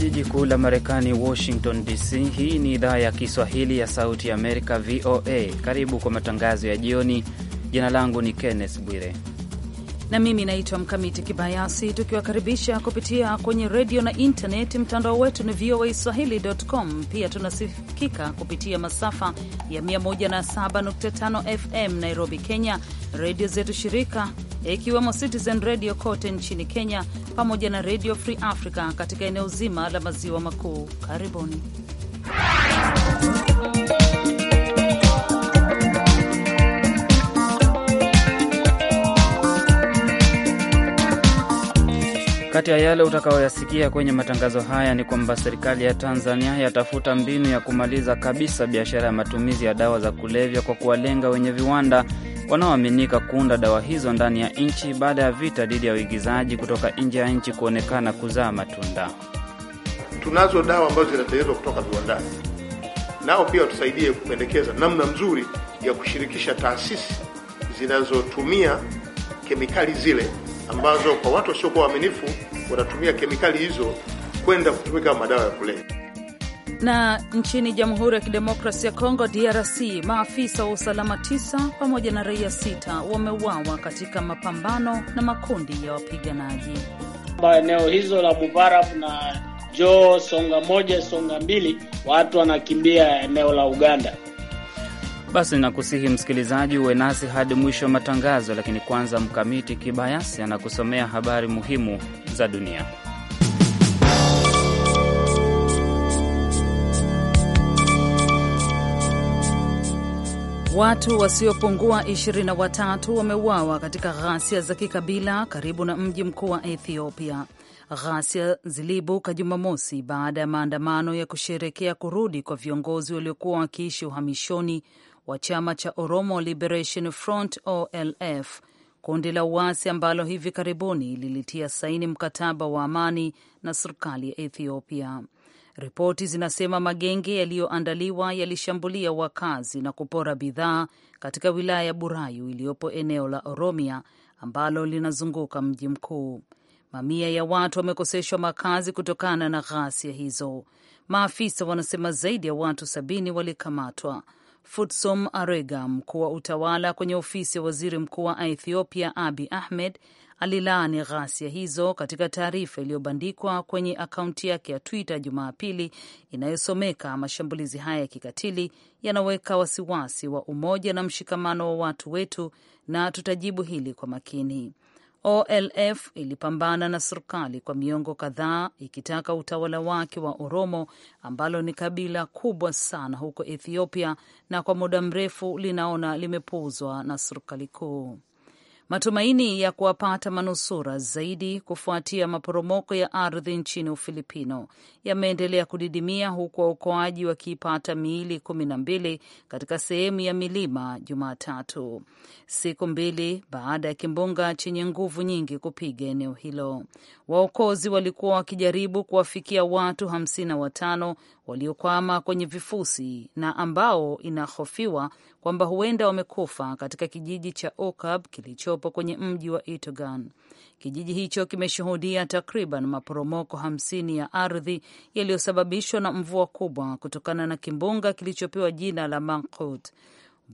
jiji kuu la Marekani, Washington DC. Hii ni idhaa ya Kiswahili ya Sauti ya Amerika, VOA. Karibu kwa matangazo ya jioni. Jina langu ni Kenneth Bwire na mimi naitwa Mkamiti Kibayasi, tukiwakaribisha kupitia kwenye redio na intaneti. Mtandao wetu ni VOA Swahili.com. Pia tunasikika kupitia masafa ya 107.5 FM Nairobi, Kenya, redio zetu shirika ikiwemo Citizen Radio kote nchini Kenya pamoja na Radio Free Africa katika eneo zima la maziwa makuu. Karibuni. Kati ya yale utakayoyasikia kwenye matangazo haya ni kwamba serikali ya Tanzania yatafuta mbinu ya kumaliza kabisa biashara ya matumizi ya dawa za kulevya kwa kuwalenga wenye viwanda wanaoaminika kuunda dawa hizo ndani ya nchi baada ya vita dhidi ya uigizaji kutoka nje ya nchi kuonekana kuzaa matunda. Tunazo dawa ambazo zinatengenezwa kutoka viwandani, nao pia watusaidie kupendekeza namna nzuri ya kushirikisha taasisi zinazotumia kemikali zile ambazo kwa watu wasiokuwa waaminifu wanatumia kemikali hizo kwenda kutumika madawa ya kulevya. Na nchini Jamhuri ya Kidemokrasi ya Kongo, DRC, maafisa wa usalama tisa pamoja na raia sita wameuawa katika mapambano na makundi ya wapiganaji eneo hizo la Mubarafu na Joo Songa moja Songa mbili, watu wanakimbia eneo la Uganda. Basi nakusihi msikilizaji uwe nasi hadi mwisho wa matangazo, lakini kwanza Mkamiti Kibayasi anakusomea habari muhimu za dunia. Watu wasiopungua 23 wameuawa katika ghasia za kikabila karibu na mji mkuu wa Ethiopia. Ghasia ziliibuka Jumamosi baada ya maandamano ya kusherekea kurudi kwa viongozi waliokuwa wakiishi uhamishoni wa chama cha Oromo Liberation Front OLF, kundi la uasi ambalo hivi karibuni lilitia saini mkataba wa amani na serikali ya Ethiopia. Ripoti zinasema magenge yaliyoandaliwa yalishambulia wakazi na kupora bidhaa katika wilaya ya Burayu iliyopo eneo la Oromia ambalo linazunguka mji mkuu. Mamia ya watu wamekoseshwa makazi kutokana na ghasia hizo. Maafisa wanasema zaidi ya watu sabini walikamatwa. Futsom Arega, mkuu wa utawala kwenye ofisi ya waziri mkuu wa Ethiopia Abi Ahmed, alilaani ghasia hizo katika taarifa iliyobandikwa kwenye akaunti yake ya Twitter Jumapili inayosomeka, mashambulizi haya ya kikatili yanaweka wasiwasi wa umoja na mshikamano wa watu wetu na tutajibu hili kwa makini. OLF ilipambana na serikali kwa miongo kadhaa ikitaka utawala wake wa Oromo ambalo ni kabila kubwa sana huko Ethiopia na kwa muda mrefu linaona limepuuzwa na serikali kuu matumaini ya kuwapata manusura zaidi kufuatia maporomoko ya ardhi nchini Ufilipino yameendelea kudidimia huku waokoaji wakiipata miili kumi na mbili katika sehemu ya milima Jumatatu, siku mbili baada ya kimbunga chenye nguvu nyingi kupiga eneo hilo. Waokozi walikuwa wakijaribu kuwafikia watu hamsini na watano waliokwama kwenye vifusi na ambao inahofiwa kwamba huenda wamekufa katika kijiji cha Okab kilichopo kwenye mji wa Itogan. Kijiji hicho kimeshuhudia takriban maporomoko hamsini ya ardhi yaliyosababishwa na mvua kubwa kutokana na kimbunga kilichopewa jina la mankut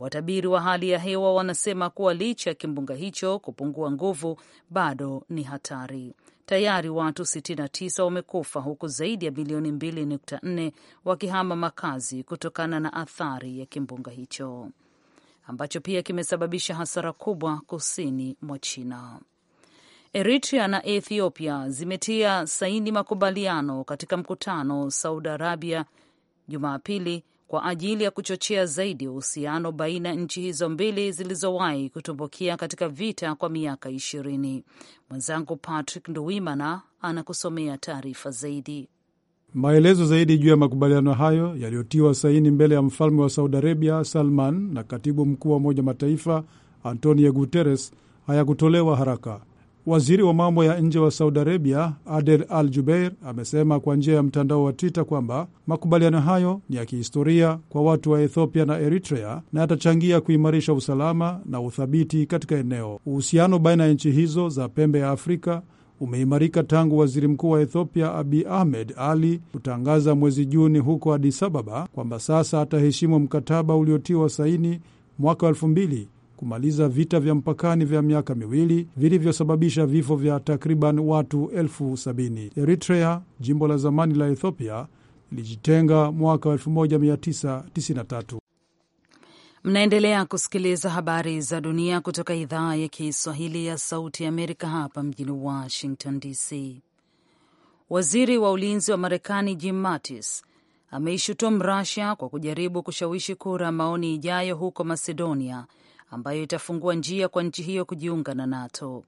Watabiri wa hali ya hewa wanasema kuwa licha ya kimbunga hicho kupungua nguvu, bado ni hatari tayari watu 69 wamekufa huku zaidi ya bilioni 2.4 wakihama makazi kutokana na athari ya kimbunga hicho ambacho pia kimesababisha hasara kubwa kusini mwa China. Eritrea na Ethiopia zimetia saini makubaliano katika mkutano Saudi Arabia Jumapili kwa ajili ya kuchochea zaidi uhusiano baina ya nchi hizo mbili zilizowahi kutumbukia katika vita kwa miaka ishirini. Mwenzangu Patrick Nduwimana anakusomea taarifa zaidi. Maelezo zaidi juu ya makubaliano hayo yaliyotiwa saini mbele ya mfalme wa Saudi Arabia Salman na katibu mkuu wa Umoja Mataifa Antonio Guterres hayakutolewa haraka. Waziri wa mambo ya nje wa Saudi Arabia Adel Al Jubeir amesema kwa njia ya mtandao wa Twitter kwamba makubaliano hayo ni ya kihistoria kwa watu wa Ethiopia na Eritrea na yatachangia kuimarisha usalama na uthabiti katika eneo. Uhusiano baina ya nchi hizo za pembe ya Afrika umeimarika tangu waziri mkuu wa Ethiopia Abi Ahmed Ali kutangaza mwezi Juni huko Adis Ababa kwamba sasa ataheshimu mkataba uliotiwa saini mwaka wa elfu mbili kumaliza vita vya mpakani vya miaka miwili vilivyosababisha vifo vya takriban watu elfu sabini. Eritrea, jimbo la zamani la Ethiopia, ilijitenga mwaka 1993. Mnaendelea kusikiliza habari za dunia kutoka idhaa ya Kiswahili ya Sauti ya Amerika hapa mjini Washington DC. Waziri wa ulinzi wa Marekani Jim Mattis ameishutumu Russia kwa kujaribu kushawishi kura maoni ijayo huko Macedonia ambayo itafungua njia kwa nchi hiyo kujiunga na NATO.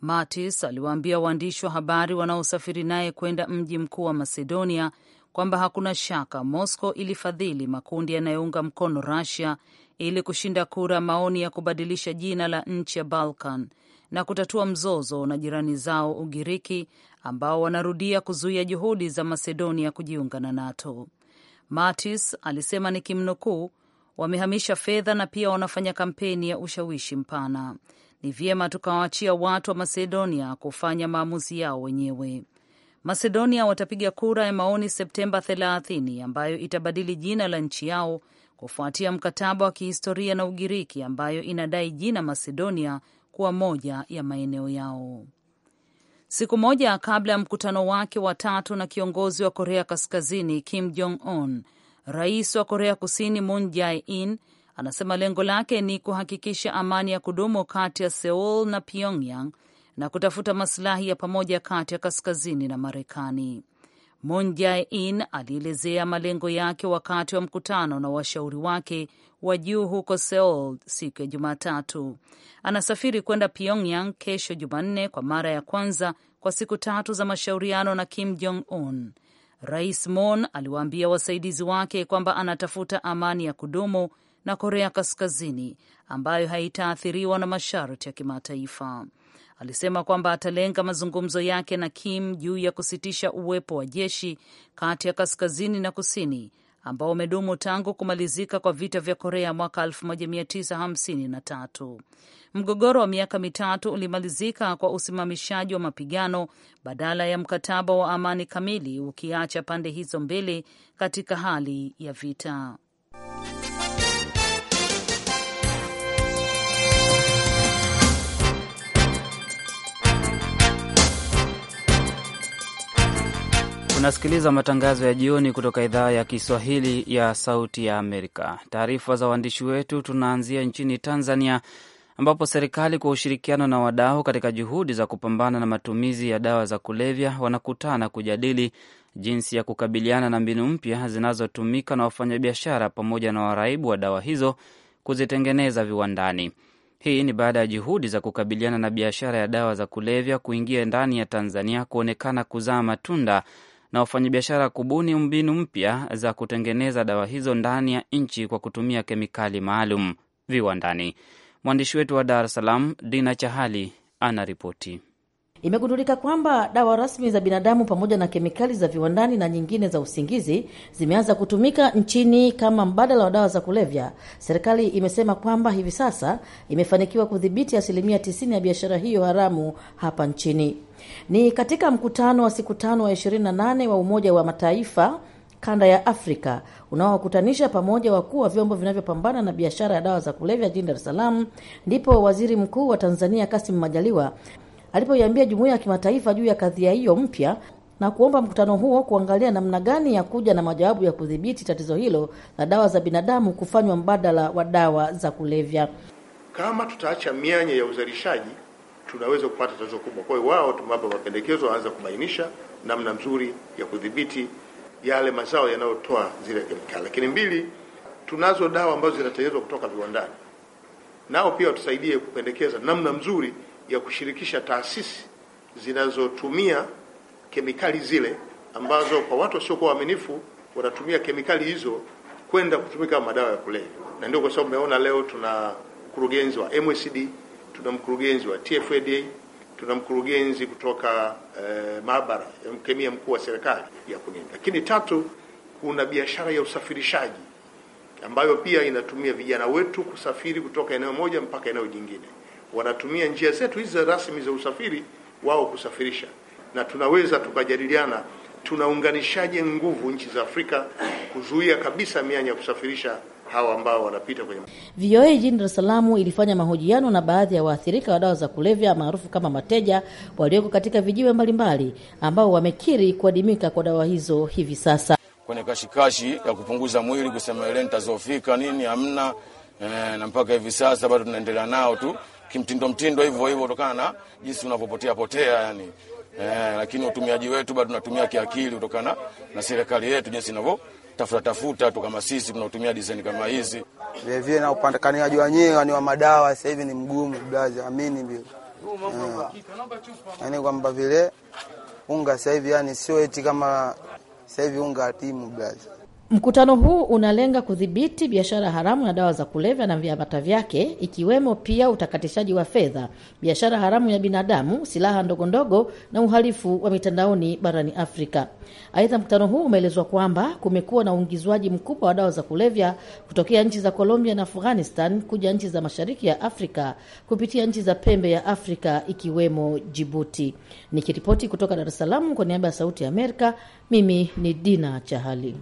Mattis aliwaambia waandishi wa habari wanaosafiri naye kwenda mji mkuu wa Macedonia kwamba hakuna shaka Moscow ilifadhili makundi yanayounga mkono Russia ili kushinda kura maoni ya kubadilisha jina la nchi ya Balkan na kutatua mzozo na jirani zao Ugiriki ambao wanarudia kuzuia juhudi za Macedonia kujiunga na NATO. Mattis alisema nikimnukuu, wamehamisha fedha na pia wanafanya kampeni ya ushawishi mpana. Ni vyema tukawaachia watu wa Macedonia kufanya maamuzi yao wenyewe. Macedonia watapiga kura ya maoni Septemba 30 ambayo itabadili jina la nchi yao kufuatia mkataba wa kihistoria na Ugiriki ambayo inadai jina Macedonia kuwa moja ya maeneo yao. Siku moja kabla ya mkutano wake wa tatu na kiongozi wa Korea Kaskazini Kim Jong Un, Rais wa Korea Kusini Moon Jae-in anasema lengo lake ni kuhakikisha amani ya kudumu kati ya Seoul na Pyongyang na kutafuta masilahi ya pamoja kati ya kaskazini na Marekani. Moon Jae-in alielezea malengo yake wakati wa mkutano na washauri wake wa juu huko Seoul siku ya Jumatatu. Anasafiri kwenda Pyongyang kesho Jumanne kwa mara ya kwanza kwa siku tatu za mashauriano na Kim Jong Un. Rais Moon aliwaambia wasaidizi wake kwamba anatafuta amani ya kudumu na Korea Kaskazini ambayo haitaathiriwa na masharti ya kimataifa. Alisema kwamba atalenga mazungumzo yake na Kim juu ya kusitisha uwepo wa jeshi kati ya kaskazini na kusini ambao umedumu tangu kumalizika kwa vita vya Korea mwaka 1953. Mgogoro wa miaka mitatu ulimalizika kwa usimamishaji wa mapigano badala ya mkataba wa amani kamili, ukiacha pande hizo mbili katika hali ya vita. Unasikiliza matangazo ya jioni kutoka idhaa ya Kiswahili ya Sauti ya Amerika. Taarifa za waandishi wetu, tunaanzia nchini Tanzania ambapo serikali kwa ushirikiano na wadau katika juhudi za kupambana na matumizi ya dawa za kulevya wanakutana kujadili jinsi ya kukabiliana na mbinu mpya zinazotumika na wafanyabiashara pamoja na waraibu wa dawa hizo kuzitengeneza viwandani. Hii ni baada ya juhudi za kukabiliana na biashara ya dawa za kulevya kuingia ndani ya Tanzania kuonekana kuzaa matunda na wafanyabiashara kubuni mbinu mpya za kutengeneza dawa hizo ndani ya nchi kwa kutumia kemikali maalum viwandani. Mwandishi wetu wa Dar es Salaam, Dina Chahali, anaripoti imegundulika kwamba dawa rasmi za binadamu pamoja na kemikali za viwandani na nyingine za usingizi zimeanza kutumika nchini kama mbadala wa dawa za kulevya. Serikali imesema kwamba hivi sasa imefanikiwa kudhibiti asilimia 90 ya biashara hiyo haramu hapa nchini. Ni katika mkutano wa siku tano wa 28 wa Umoja wa Mataifa kanda ya Afrika unaowakutanisha pamoja wakuu wa vyombo vinavyopambana na biashara ya dawa za kulevya jijini Dar es Salaam, ndipo Waziri Mkuu wa Tanzania Kassim Majaliwa alipoiambia jumuiya ya kimataifa juu ya kadhia hiyo mpya na kuomba mkutano huo kuangalia namna gani ya kuja na majawabu ya kudhibiti tatizo hilo la dawa za binadamu kufanywa mbadala wa dawa za kulevya. Kama tutaacha mianya ya uzalishaji, tunaweza kupata tatizo kubwa. Kwa hiyo wao tumewapa mapendekezo, waanza kubainisha namna nzuri ya kudhibiti yale mazao yanayotoa zile kemikali. Lakini mbili, tunazo dawa ambazo zinatengenezwa kutoka viwandani, nao pia watusaidie kupendekeza namna nzuri ya kushirikisha taasisi zinazotumia kemikali zile ambazo kwa watu wasiokuwa waaminifu wanatumia kemikali hizo kwenda kutumika madawa ya kulevya. Na ndio kwa sababu umeona leo tuna mkurugenzi wa MSD, tuna mkurugenzi wa TFDA, tuna mkurugenzi kutoka eh, maabara ya mkemia mkuu wa serikali ya Kunini. Lakini tatu, kuna biashara ya usafirishaji ambayo pia inatumia vijana wetu kusafiri kutoka eneo moja mpaka eneo jingine wanatumia njia zetu hizi rasmi za usafiri wao kusafirisha, na tunaweza tukajadiliana tunaunganishaje nguvu nchi za Afrika kuzuia kabisa mianya ya kusafirisha hawa ambao wanapita kwenye. VOA jijini Dar es Salaam ilifanya mahojiano na baadhi ya waathirika wa dawa za kulevya maarufu kama mateja walioko katika vijiwe mbalimbali ambao wamekiri kuadimika kwa dawa hizo hivi sasa. Kwenye kashikashi ya kupunguza mwili kusema ile nitazofika nini hamna, e, na mpaka hivi sasa bado tunaendelea nao tu kimtindo mtindo hivyo hivyo, kutokana na jinsi unavyopotea potea yani. Eh, lakini utumiaji wetu bado tunatumia kiakili kutokana na serikali yetu jinsi inavyo tafuta tafuta tu kama sisi tunatumia design kama hizi vile vile, na upatikanaji wenyewe ni wa madawa sasa hivi ni mgumu, brother, amini bila eh, yani kwamba vile unga sasa hivi yani sio eti kama sasa hivi unga atimu brother. Mkutano huu unalenga kudhibiti biashara haramu ya dawa za kulevya na viambata vyake, ikiwemo pia utakatishaji wa fedha, biashara haramu ya binadamu, silaha ndogondogo na uhalifu wa mitandaoni barani Afrika. Aidha, mkutano huu umeelezwa kwamba kumekuwa na uingizwaji mkubwa wa dawa za kulevya kutokea nchi za Colombia na Afghanistan kuja nchi za mashariki ya Afrika kupitia nchi za pembe ya Afrika ikiwemo Jibuti. Nikiripoti kutoka Dar es Salaam kwa niaba ya Sauti ya Amerika, mimi ni Dina Chahali.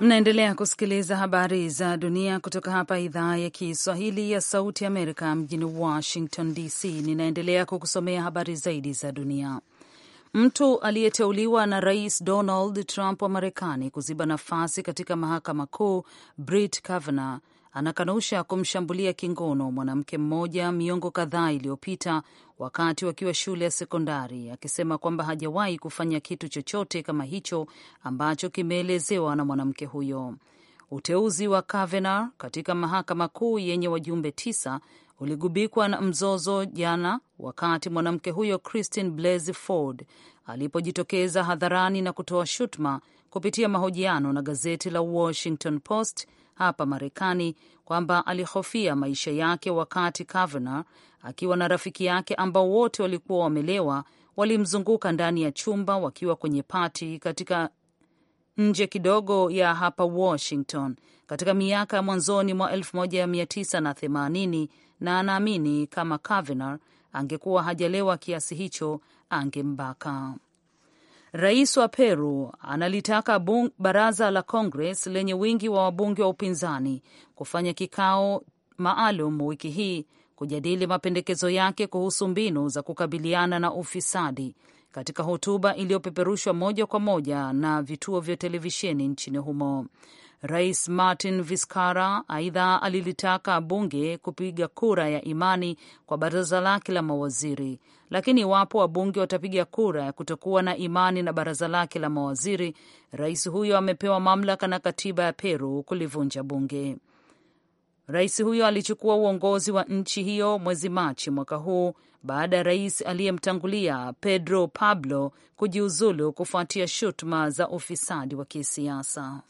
Mnaendelea kusikiliza habari za dunia kutoka hapa idhaa ya Kiswahili ya Sauti Amerika mjini Washington DC. Ninaendelea kukusomea habari zaidi za dunia. Mtu aliyeteuliwa na Rais Donald Trump wa Marekani kuziba nafasi katika mahakama kuu Brett Kavanaugh anakanusha kumshambulia kingono mwanamke mmoja miongo kadhaa iliyopita wakati wakiwa shule ya sekondari, akisema kwamba hajawahi kufanya kitu chochote kama hicho ambacho kimeelezewa na mwanamke huyo. Uteuzi wa Kavanaugh katika mahakama kuu yenye wajumbe tisa uligubikwa na mzozo jana, wakati mwanamke huyo Christine Blasey Ford alipojitokeza hadharani na kutoa shutuma kupitia mahojiano na gazeti la Washington Post hapa Marekani kwamba alihofia maisha yake wakati Kavanaugh akiwa na rafiki yake ambao wote walikuwa wamelewa, walimzunguka ndani ya chumba wakiwa kwenye pati katika nje kidogo ya hapa Washington katika miaka ya mwanzoni mwa 1980 na anaamini kama Kavanaugh angekuwa hajalewa kiasi hicho angembaka. Rais wa Peru analitaka bung, baraza la Congress lenye wingi wa wabunge wa upinzani kufanya kikao maalum wiki hii kujadili mapendekezo yake kuhusu mbinu za kukabiliana na ufisadi katika hotuba iliyopeperushwa moja kwa moja na vituo vya televisheni nchini humo. Rais Martin viscara aidha alilitaka bunge kupiga kura ya imani kwa baraza lake la mawaziri, lakini iwapo wabunge watapiga kura ya kutokuwa na imani na baraza lake la mawaziri, rais huyo amepewa mamlaka na katiba ya Peru kulivunja bunge. Rais huyo alichukua uongozi wa nchi hiyo mwezi Machi mwaka huu baada ya rais aliyemtangulia Pedro Pablo kujiuzulu kufuatia shutuma za ufisadi wa kisiasa.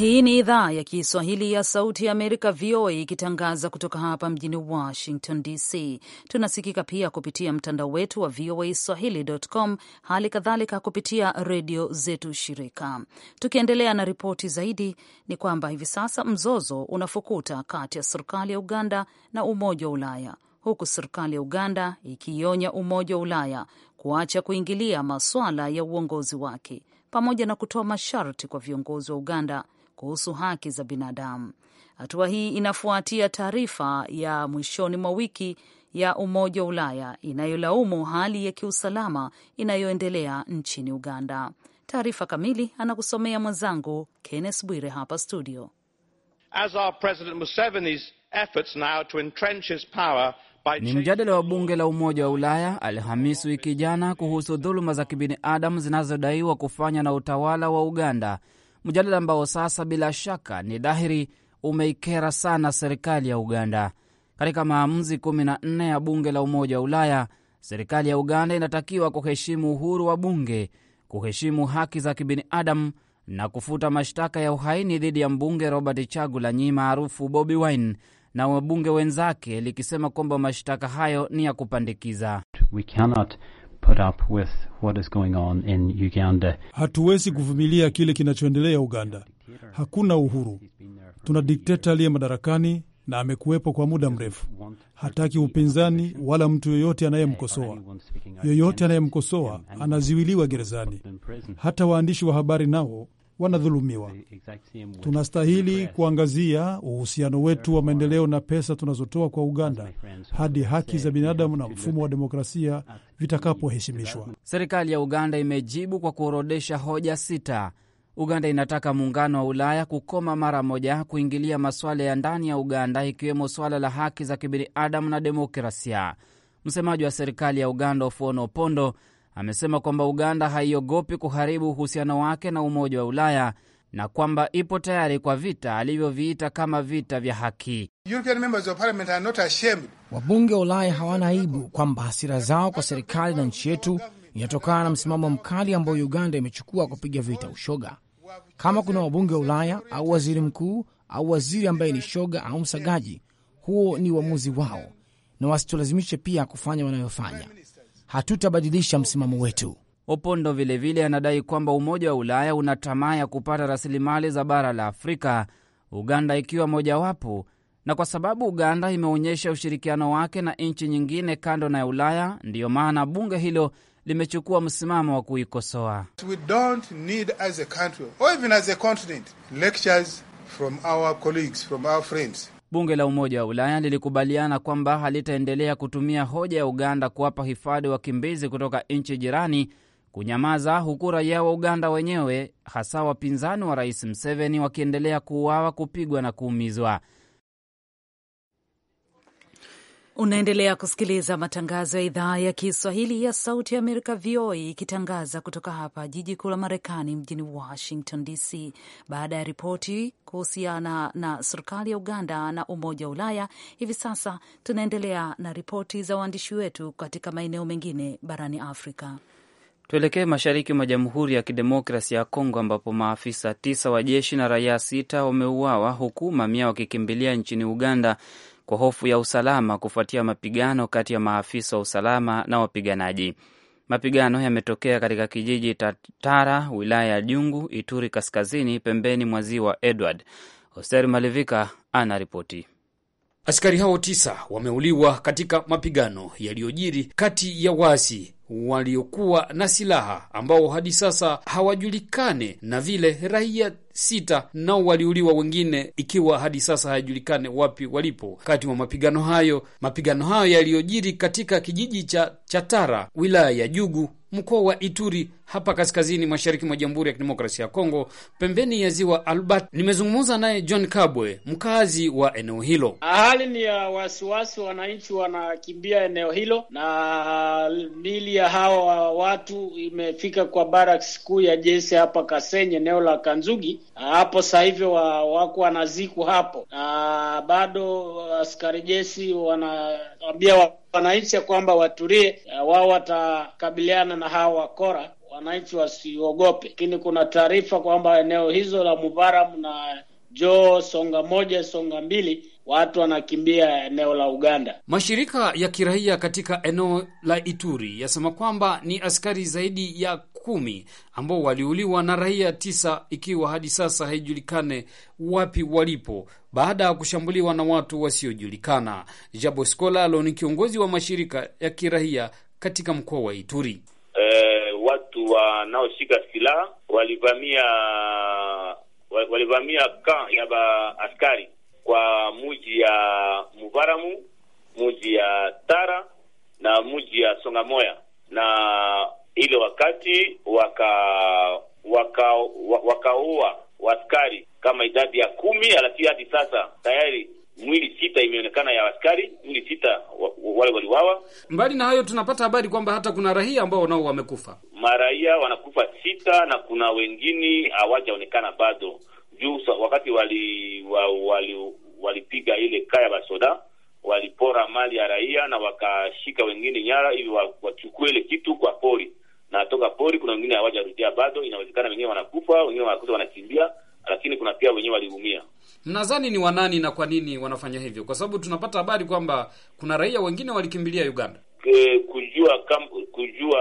Hii ni idhaa ya Kiswahili ya Sauti ya Amerika, VOA, ikitangaza kutoka hapa mjini Washington DC. Tunasikika pia kupitia mtandao wetu wa VOA Swahili.com, hali kadhalika kupitia redio zetu shirika. Tukiendelea na ripoti zaidi, ni kwamba hivi sasa mzozo unafukuta kati ya serikali ya Uganda na Umoja wa Ulaya, huku serikali ya Uganda ikiionya Umoja wa Ulaya kuacha kuingilia masuala ya uongozi wake pamoja na kutoa masharti kwa viongozi wa Uganda kuhusu haki za binadamu. Hatua hii inafuatia taarifa ya mwishoni mwa wiki ya Umoja wa Ulaya inayolaumu hali ya kiusalama inayoendelea nchini Uganda. Taarifa kamili anakusomea mwenzangu Kenneth Bwire hapa studio. As our President Museveni's efforts now to entrench his power by... ni mjadala wa bunge la Umoja wa Ulaya Alhamisi wiki jana kuhusu dhuluma za kibinadamu zinazodaiwa kufanywa na utawala wa Uganda mjadala ambao sasa bila shaka ni dhahiri umeikera sana serikali ya Uganda. Katika maamuzi 14 ya bunge la Umoja wa Ulaya, serikali ya Uganda inatakiwa kuheshimu uhuru wa bunge, kuheshimu haki za kibinadamu na kufuta mashtaka ya uhaini dhidi ya mbunge Robert Chagulanyi maarufu Bobi Wine na wabunge wenzake, likisema kwamba mashtaka hayo ni ya kupandikiza. We cannot put up with what is going on in Uganda. Hatuwezi kuvumilia kile kinachoendelea Uganda. Hakuna uhuru, tuna dikteta aliye madarakani na amekuwepo kwa muda mrefu. Hataki upinzani wala mtu yoyote anayemkosoa. Yoyote anayemkosoa anaziwiliwa gerezani. Hata waandishi wa habari nao wanadhulumiwa. Tunastahili kuangazia uhusiano wetu wa maendeleo na pesa tunazotoa kwa Uganda hadi haki za binadamu na mfumo wa demokrasia vitakapoheshimishwa. Serikali ya Uganda imejibu kwa kuorodesha hoja sita. Uganda inataka muungano wa Ulaya kukoma mara moja kuingilia masuala ya ndani ya Uganda, ikiwemo suala la haki za kibinadamu na demokrasia. Msemaji wa serikali ya Uganda Ofuono Opondo amesema kwamba Uganda haiogopi kuharibu uhusiano wake na Umoja wa Ulaya na kwamba ipo tayari kwa vita alivyoviita kama vita vya haki. Wabunge wa Ulaya hawana aibu kwamba hasira zao kwa serikali na nchi yetu inatokana na msimamo mkali ambao Uganda imechukua kupiga vita ushoga. Kama kuna wabunge wa Ulaya au waziri mkuu au waziri ambaye ni shoga au msagaji, huo ni uamuzi wao, na wasitulazimishe pia kufanya wanayofanya hatutabadilisha msimamo wetu. Opondo vilevile anadai kwamba Umoja wa Ulaya una tamaa ya kupata rasilimali za bara la Afrika, Uganda ikiwa mojawapo, na kwa sababu Uganda imeonyesha ushirikiano wake na nchi nyingine kando na Ulaya, ndiyo maana bunge hilo limechukua msimamo wa kuikosoa. Bunge la Umoja wa Ulaya lilikubaliana kwamba halitaendelea kutumia hoja ya Uganda kuwapa hifadhi wakimbizi kutoka nchi jirani kunyamaza, huku raia wa Uganda wenyewe, hasa wapinzani wa Rais Museveni, wakiendelea kuuawa, kupigwa na kuumizwa. Unaendelea kusikiliza matangazo ya idhaa ya Kiswahili ya Sauti ya Amerika, VOA, ikitangaza kutoka hapa jiji kuu la Marekani, mjini Washington DC. Baada ya ripoti kuhusiana na serikali ya Uganda na Umoja wa Ulaya, hivi sasa tunaendelea na ripoti za waandishi wetu katika maeneo mengine barani Afrika. Tuelekee mashariki mwa Jamhuri ya kidemokrasi ya Kongo ambapo maafisa tisa wa jeshi na raia sita wameuawa huku mamia wakikimbilia nchini Uganda kwa hofu ya usalama kufuatia mapigano kati ya maafisa wa usalama na wapiganaji. Mapigano yametokea katika kijiji Tatara, wilaya ya Jungu, Ituri Kaskazini, pembeni mwa ziwa Edward. Hoster Malivika anaripoti. Askari hao tisa wameuliwa katika mapigano yaliyojiri kati ya waasi waliokuwa na silaha ambao hadi sasa hawajulikane na vile raia sita nao waliuliwa, wengine ikiwa hadi sasa hayajulikane wapi walipo wakati wa mapigano hayo. Mapigano hayo yaliyojiri katika kijiji cha Chatara, wilaya ya Jugu, mkoa wa Ituri hapa kaskazini mashariki mwa Jamhuri ya Kidemokrasia ya Kongo, pembeni ya ziwa Albert. Nimezungumza naye John Kabwe, mkazi wa eneo hilo. Hali ni ya wasiwasi, wananchi wanakimbia eneo hilo, na mili ya hawa watu imefika kwa baraks kuu ya jeshi hapa Kasenye, eneo la Kanzugi, hapo sasa hivi wa, wako wanaziku hapo, na bado askari jeshi wanaambia wananchi ya kwamba watulie, wao watakabiliana na hawa wakora, wananchi wasiogope. Lakini kuna taarifa kwamba eneo hizo la Mubaram na Joo, Songa moja, Songa mbili watu wanakimbia eneo la Uganda. Mashirika ya kiraia katika eneo la Ituri yasema kwamba ni askari zaidi ya kumi ambao waliuliwa na raia tisa, ikiwa hadi sasa haijulikane wapi walipo baada ya kushambuliwa na watu wasiojulikana. Jabo Skolalo ni kiongozi wa mashirika ya kiraia katika mkoa wa Ituri. Eh, watu wanaoshika silaha walivamia walivamia kambi ya ba askari kwa muji ya Mubaramu, muji ya Tara na muji ya Songamoya, na ile wakati wakaua waka, waskari kama idadi ya kumi, lakini hadi sasa tayari mwili sita imeonekana ya askari mwili sita wale waliwawa. Mbali na hayo, tunapata habari kwamba hata kuna raia ambao nao wamekufa, maraia wanakufa sita, na kuna wengine hawajaonekana bado juu wakati wali wali walipiga wali ile kaya basoda walipora mali ya raia na wakashika wengine nyara ili wachukue ile kitu kwa pori na toka pori, kuna wengine hawajarudia bado. Inawezekana wengine wanakufa, wengine wanakuta wanakimbia, lakini kuna pia wenyewe waliumia. Mnadhani ni wanani na kwa nini wanafanya hivyo? Kwa sababu tunapata habari kwamba kuna raia wengine walikimbilia Uganda kujua kam, kujua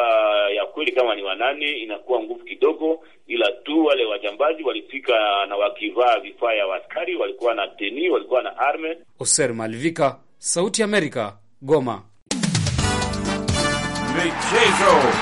ya kweli kama ni wanane inakuwa nguvu kidogo, ila tu wale wajambazi walifika na wakivaa vifaa ya askari, walikuwa na teni, walikuwa na arme. Oser Malivika, Sauti ya Amerika, Goma. Michezo.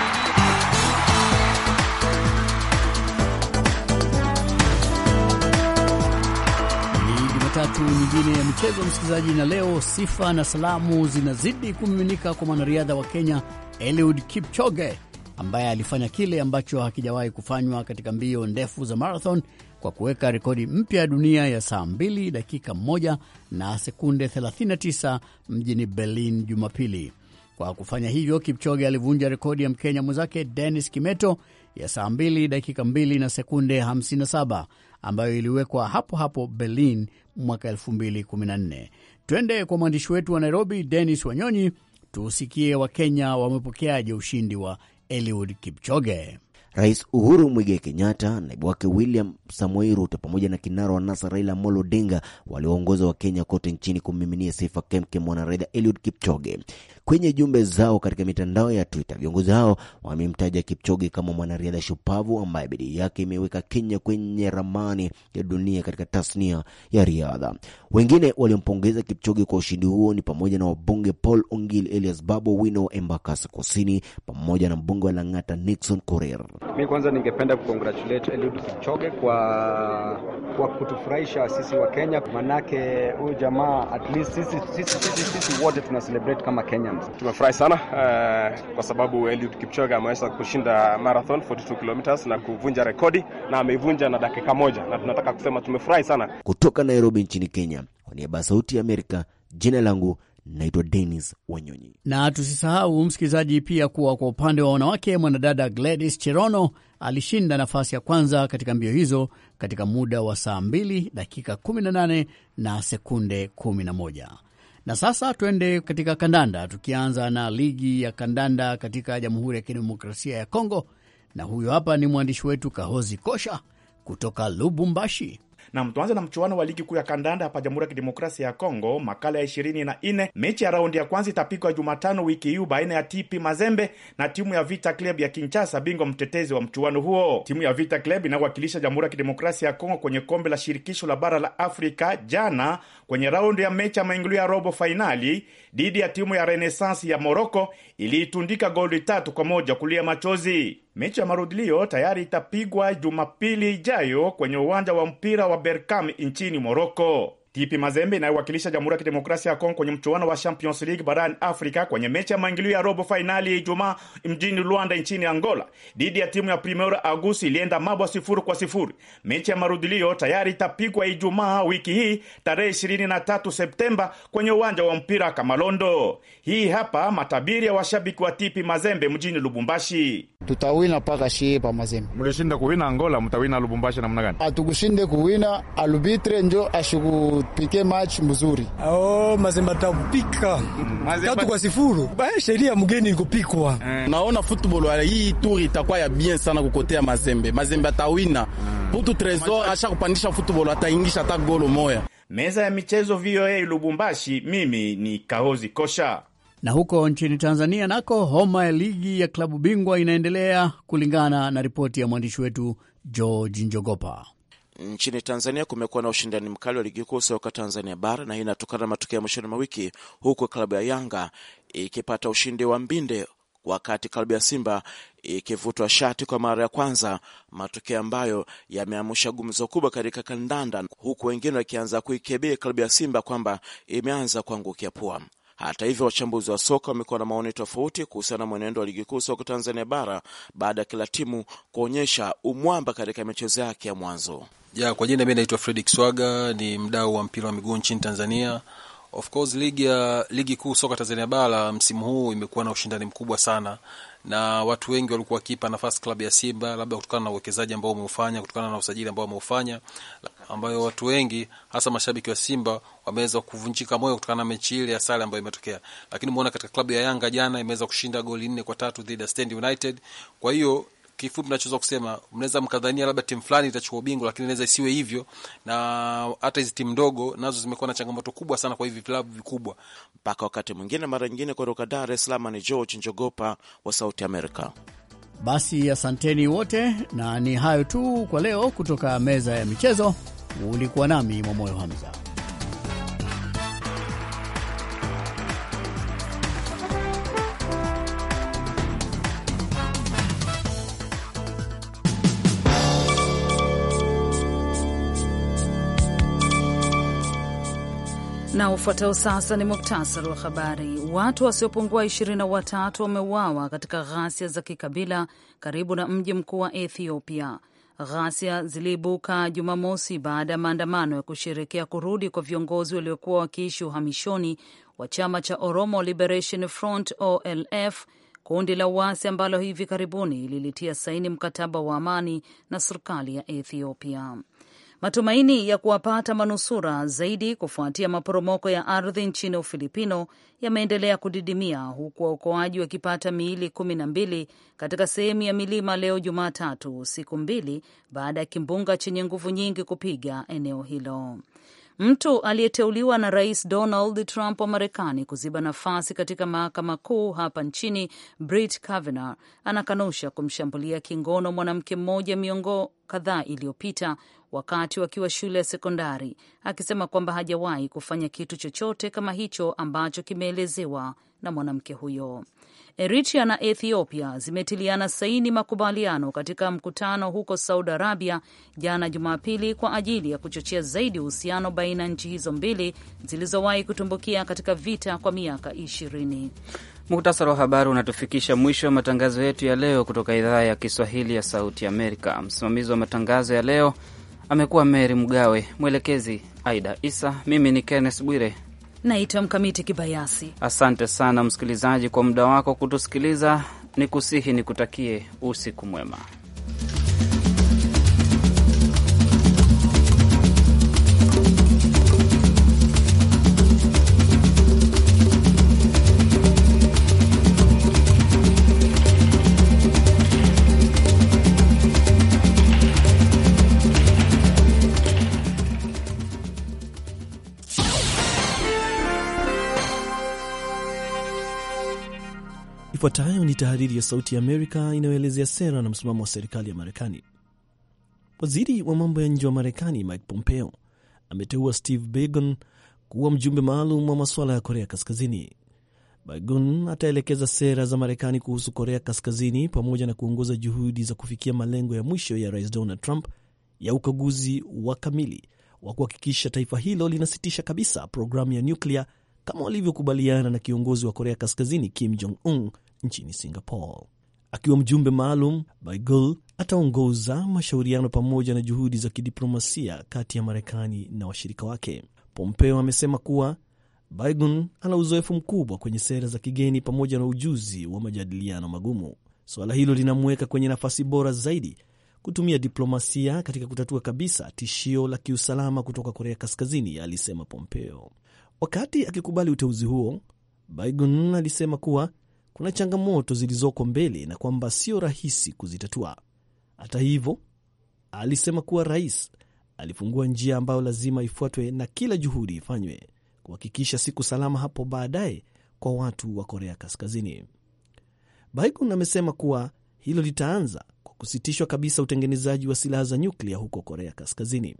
Jumatatu nyingine ya michezo, msikilizaji, na leo sifa na salamu zinazidi kumiminika kwa mwanariadha wa Kenya Eliud Kipchoge ambaye alifanya kile ambacho hakijawahi kufanywa katika mbio ndefu za marathon kwa kuweka rekodi mpya ya dunia ya saa 2 dakika 1 na sekunde 39 mjini Berlin Jumapili. Kwa kufanya hivyo, Kipchoge alivunja rekodi ya Mkenya mwenzake Dennis Kimeto ya saa 2 dakika 2 na sekunde 57 ambayo iliwekwa hapo hapo Berlin mwaka 2014. Twende kwa mwandishi wetu wa Nairobi, Denis Wanyonyi, tusikie Wakenya wamepokeaje ushindi wa Eliud Kipchoge. Rais Uhuru Mwigai Kenyatta, naibu wake William Samoei Ruto pamoja na kinara wa NASA Raila Amolo Odinga walioongoza Wakenya kote nchini kumiminia sifa kemkem mwanariadha Eliud Kipchoge. Kwenye jumbe zao katika mitandao ya Twitter, viongozi hao wamemtaja Kipchoge kama mwanariadha shupavu ambaye bidii yake imeweka Kenya kwenye ramani ya dunia katika tasnia ya riadha. Wengine waliompongeza Kipchoge kwa ushindi huo ni pamoja na wabunge Paul Ongil, Elias Babo Wino wa Embakasi Kusini, pamoja na mbunge wa Lang'ata Nixon Korir. Mi kwanza ningependa kucongratulate Eliud Kipchoge kwa, kwa kutufurahisha sisi wa Kenya, manake huyu jamaa at least sisi, sisi, sisi, sisi, sisi wote tuna celebrate kama Kenya. Tumefurahi sana uh, kwa sababu Eliud Kipchoge ameweza kushinda marathon 42 kilometers na kuvunja rekodi na ameivunja na dakika moja, na tunataka kusema tumefurahi sana. Kutoka Nairobi nchini Kenya, kwa niaba ya Sauti ya Amerika, jina langu naitwa Denis Wanyonyi. Na tusisahau msikilizaji, pia kuwa kwa upande wa wanawake, mwanadada Gladys Cherono alishinda nafasi ya kwanza katika mbio hizo katika muda wa saa 2 dakika 18 na sekunde 11. Na sasa twende katika kandanda, tukianza na ligi ya kandanda katika Jamhuri ya Kidemokrasia ya Kongo, na huyo hapa ni mwandishi wetu Kahozi Kosha kutoka Lubumbashi na mtuanze na mchuano wa ligi kuu ya kandanda hapa Jamhuri ya Kidemokrasia ya Kongo, makala ya ishirini na nne. Mechi ya raundi ya kwanza itapigwa Jumatano wiki hii baina ya TP Mazembe na timu ya Vita Club ya Kinshasa, bingwa mtetezi wa mchuano huo. Timu ya Vita Club inayowakilisha Jamhuri ya Kidemokrasia ya Kongo kwenye kombe la shirikisho la bara la Afrika, jana kwenye raundi ya mechi ya maingilio ya robo fainali dhidi ya timu ya Renaissance ya Moroko iliitundika goli tatu kwa moja kulia machozi. Mechi ya marudilio tayari itapigwa Jumapili ijayo kwenye uwanja wa mpira wa Berkane nchini Moroko. TP Mazembe inayowakilisha Jamhuri ya Kidemokrasia ya Kongo kwenye mchuano wa Champions League barani Afrika kwenye mechi ya maingilio ya robo fainali ya Ijumaa mjini Luanda nchini Angola dhidi ya timu ya Primeiro Agosti ilienda mabwa sifuri kwa sifuri. Mechi ya marudilio tayari itapigwa Ijumaa wiki hii tarehe 23 Septemba kwenye uwanja wa mpira Kamalondo. Hii hapa matabiri ya washabiki wa TP Mazembe mjini Lubumbashi. Tutawina paka shie pa Mazembe. Mlishinda kuwina Angola, mtawina Lubumbashi namna gani? Atukushinde kuwina alubitre njo ashuku tupike match mzuri. Oh, tapika mazemba... Tatu kwa sifuru. Ba sheria mgeni ilikopikwa. Mm. Eh. Naona football hii tour itakuwa ya bien sana kukotea Mazembe. Mazembe atawina. Putu hmm. Tresor asha kupandisha football ataingisha hata golo moya. Meza ya michezo VOA Lubumbashi, mimi ni Kahozi Kosha. Na huko nchini Tanzania nako homa ya ligi ya klabu bingwa inaendelea kulingana na ripoti ya mwandishi wetu George Njogopa. Nchini Tanzania kumekuwa na ushindani mkali wa ligi kuu soka Tanzania Bara, na hii inatokana na matokeo ya mwishoni mwa wiki, huku klabu ya Yanga ikipata ushindi wa mbinde, wakati klabu ya Simba ikivutwa shati kwa mara ya kwanza, matokeo ambayo yameamsha gumzo kubwa katika kandanda, huku wengine wakianza kuikebea klabu ya Simba kwamba imeanza kuangukia pua. Hata hivyo wachambuzi wa soka wamekuwa na maoni tofauti kuhusiana na mwenendo wa ligi kuu soka Tanzania bara baada ya kila timu kuonyesha umwamba katika michezo yake ya mwanzo. Ya, kwa jina mimi naitwa Fredrick Swaga, ni mdau wa mpira wa miguu nchini Tanzania. Of course ligi ya ligi kuu soka Tanzania bara msimu huu imekuwa na ushindani mkubwa sana, na watu wengi walikuwa wakipa nafasi klabu ya Simba, labda kutokana na uwekezaji ambao umeufanya, kutokana na usajili ambao umeufanya, ambayo watu wengi hasa mashabiki wa Simba wameweza kuvunjika moyo kutokana na mechi ile ya sare ambayo imetokea. Lakini umeona katika klabu ya Yanga jana imeweza kushinda goli nne kwa tatu dhidi ya Stand United, kwa hiyo kifupi nachoweza kusema, mnaweza mkadhania labda timu fulani itachukua ubingwa, lakini inaweza isiwe hivyo, na hata hizi timu ndogo nazo zimekuwa na changamoto kubwa sana kwa hivi vilabu vikubwa. Mpaka wakati mwingine, mara nyingine. Kutoka Dar es Salaam ni George Njogopa wa Sauti Amerika. Basi asanteni wote, na ni hayo tu kwa leo kutoka meza ya michezo. Ulikuwa nami Mwamoyo Hamza. Na ufuatao sasa ni muktasari wa habari. Watu wasiopungua ishirini na watatu wameuawa katika ghasia za kikabila karibu na mji mkuu wa Ethiopia. Ghasia ziliibuka Jumamosi baada ya maandamano ya kusherekea kurudi kwa viongozi waliokuwa wakiishi uhamishoni wa chama cha Oromo Liberation Front OLF, kundi la uasi ambalo hivi karibuni lilitia saini mkataba wa amani na serikali ya Ethiopia. Matumaini ya kuwapata manusura zaidi kufuatia maporomoko ya ardhi nchini Ufilipino yameendelea kudidimia huku waokoaji wakipata miili kumi na mbili katika sehemu ya milima leo Jumatatu, siku mbili baada ya kimbunga chenye nguvu nyingi kupiga eneo hilo. Mtu aliyeteuliwa na Rais Donald Trump wa Marekani kuziba nafasi katika mahakama kuu hapa nchini, Brett Kavanaugh, anakanusha kumshambulia kingono mwanamke mmoja miongo kadhaa iliyopita wakati wakiwa shule ya sekondari, akisema kwamba hajawahi kufanya kitu chochote kama hicho ambacho kimeelezewa na mwanamke huyo. Eritrea na Ethiopia zimetiliana saini makubaliano katika mkutano huko Saudi Arabia jana Jumapili kwa ajili ya kuchochea zaidi uhusiano baina ya nchi hizo mbili zilizowahi kutumbukia katika vita kwa miaka ishirini. Muhtasari wa habari unatufikisha mwisho wa matangazo yetu ya leo kutoka idhaa ya Kiswahili ya Sauti Amerika. Msimamizi wa matangazo ya leo amekuwa Meri Mgawe, mwelekezi Aida Isa, mimi ni Kenneth Bwire naitwa Mkamiti Kibayasi. Asante sana msikilizaji kwa muda wako kutusikiliza, nikusihi nikutakie usiku mwema. tahariri ya Sauti ya Amerika inayoelezea sera na msimamo wa serikali ya Marekani. Waziri wa mambo ya nje wa Marekani Mike Pompeo ameteua Steve Begon kuwa mjumbe maalum wa masuala ya Korea Kaskazini. Begon ataelekeza sera za Marekani kuhusu Korea Kaskazini pamoja na kuongoza juhudi za kufikia malengo ya mwisho ya Rais Donald Trump ya ukaguzi wa kamili wa kuhakikisha taifa hilo linasitisha kabisa programu ya nyuklia kama walivyokubaliana na kiongozi wa Korea Kaskazini Kim Jong Un nchini Singapore. Akiwa mjumbe maalum, Baigol ataongoza mashauriano pamoja na juhudi za kidiplomasia kati ya Marekani na washirika wake. Pompeo amesema kuwa bigon ana uzoefu mkubwa kwenye sera za kigeni pamoja na ujuzi wa majadiliano magumu. Suala hilo linamweka kwenye nafasi bora zaidi kutumia diplomasia katika kutatua kabisa tishio la kiusalama kutoka Korea Kaskazini, alisema Pompeo. Wakati akikubali uteuzi huo, Biden alisema kuwa kuna changamoto zilizoko mbele na kwamba sio rahisi kuzitatua. Hata hivyo, alisema kuwa rais alifungua njia ambayo lazima ifuatwe na kila juhudi ifanywe kuhakikisha siku salama hapo baadaye kwa watu wa Korea Kaskazini. Baikun amesema kuwa hilo litaanza kwa kusitishwa kabisa utengenezaji wa silaha za nyuklia huko Korea Kaskazini.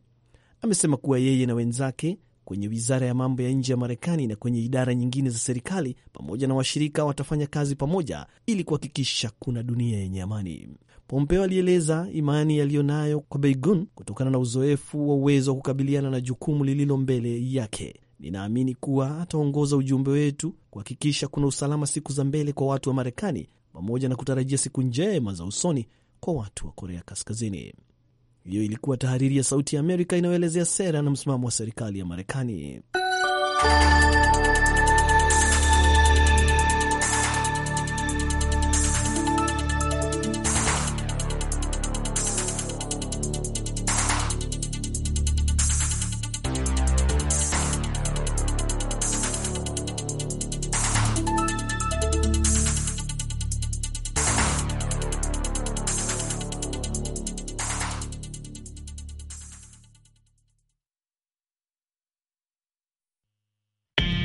Amesema kuwa yeye na wenzake kwenye wizara ya mambo ya nje ya Marekani na kwenye idara nyingine za serikali pamoja na washirika watafanya kazi pamoja ili kuhakikisha kuna dunia yenye amani. Pompeo alieleza imani yaliyonayo kwa Beigun kutokana na uzoefu wa uwezo wa kukabiliana na jukumu lililo mbele yake. Ninaamini kuwa ataongoza ujumbe wetu kuhakikisha kuna usalama siku za mbele kwa watu wa Marekani pamoja na kutarajia siku njema za usoni kwa watu wa Korea Kaskazini. Hiyo ilikuwa tahariri ya Sauti ya Amerika inayoelezea sera na msimamo wa serikali ya Marekani.